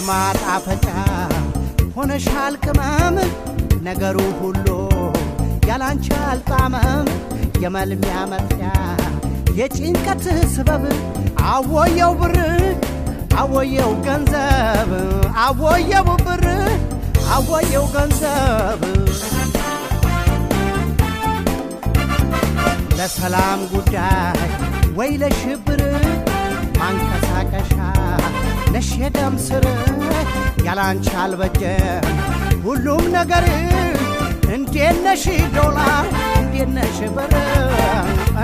የማጣፈጫ ሆነሻል ቅመም ነገሩ ሁሉ ያላንቺ አልጣመም የመልሚያ መጥያ የጭንቀት ስበብ አወየው ብር አወየው ገንዘብ አወየው ብር አወየው ገንዘብ ለሰላም ጉዳይ ወይ ለሽብር ማንቀሳቀሻ ነሽ የደም ስር ያላንቺ አልበጀ ሁሉም ነገር እንዴነሽ ዶላ ዶላር እንዴት እንዴነሽ ብር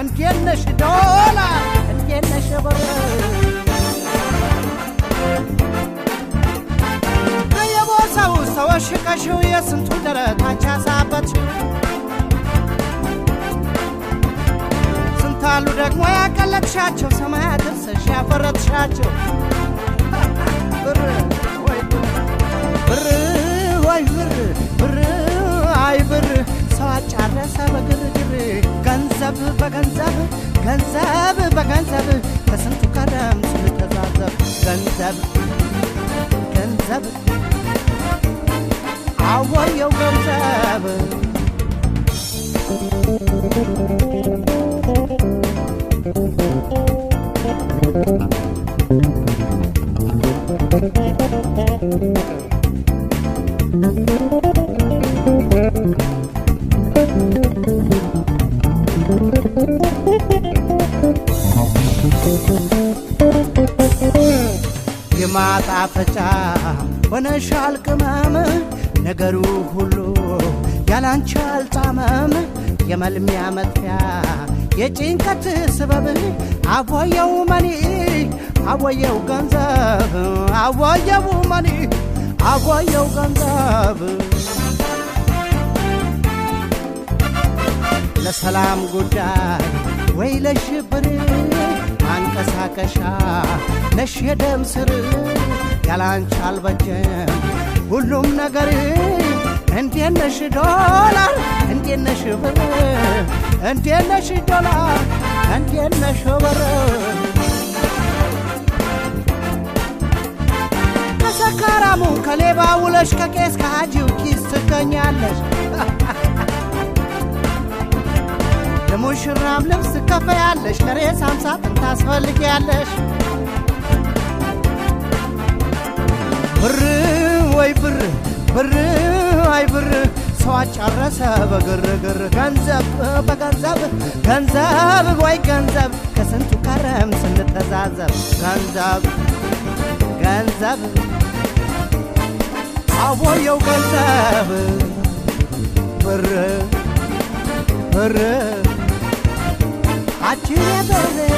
እንዴነሽ ነሽ ዶላር እንዴት ብር በየቦታው ሰዎች ቀሽው የስንቱ ደረታች ያሳበት ስንታሉ ደግሞ ያቀለጥሻቸው ሰማያ ጥርስሽ ያፈረጥሻቸው ጨረሰ በግርግር ገንዘብ በገንዘብ ገንዘብ በገንዘብ ከስንቱ ቀደም ስንተዛዘብ ገንዘብ ገንዘብ አወየው ገንዘብ Thank you. የማጣፈጫ ሆነሻል ቅመም ነገሩ ሁሉ ያላንቺ አልጣመም የመልሚያ መጥፊያ የጭንቀት ስበብ አወየው መኒ አወየው ገንዘብ አወየው መኒ አወየው ገንዘብ ለሰላም ጉዳይ ወይ ለሽብር ማልቀሻ ነሽ የደም ስር ያላንቺ አልበጀም ሁሉም ነገር እንዴነሽ ዶላር እንዴነሽ ብር እንዴነሽ ዶላር እንዴነሽ ብር ከሰካራሙ ከሌባ ውለሽ ከቄስ ከሃጂው ኪስ ትገኛለሽ ለሙሽራም ልብስ ከፈያለሽ ለሬስ ሀምሳ ጥንት ታስፈልጊያለሽ ብር ወይ ብር ብር አይ ብር ሰው አጨረሰ በግርግር ገንዘብ በገንዘብ ገንዘብ ወይ ገንዘብ ከስንቱ ከረም ስንተዛዘብ ገንዘብ ገንዘብ አቦየው ገንዘብ ብር ብር atirador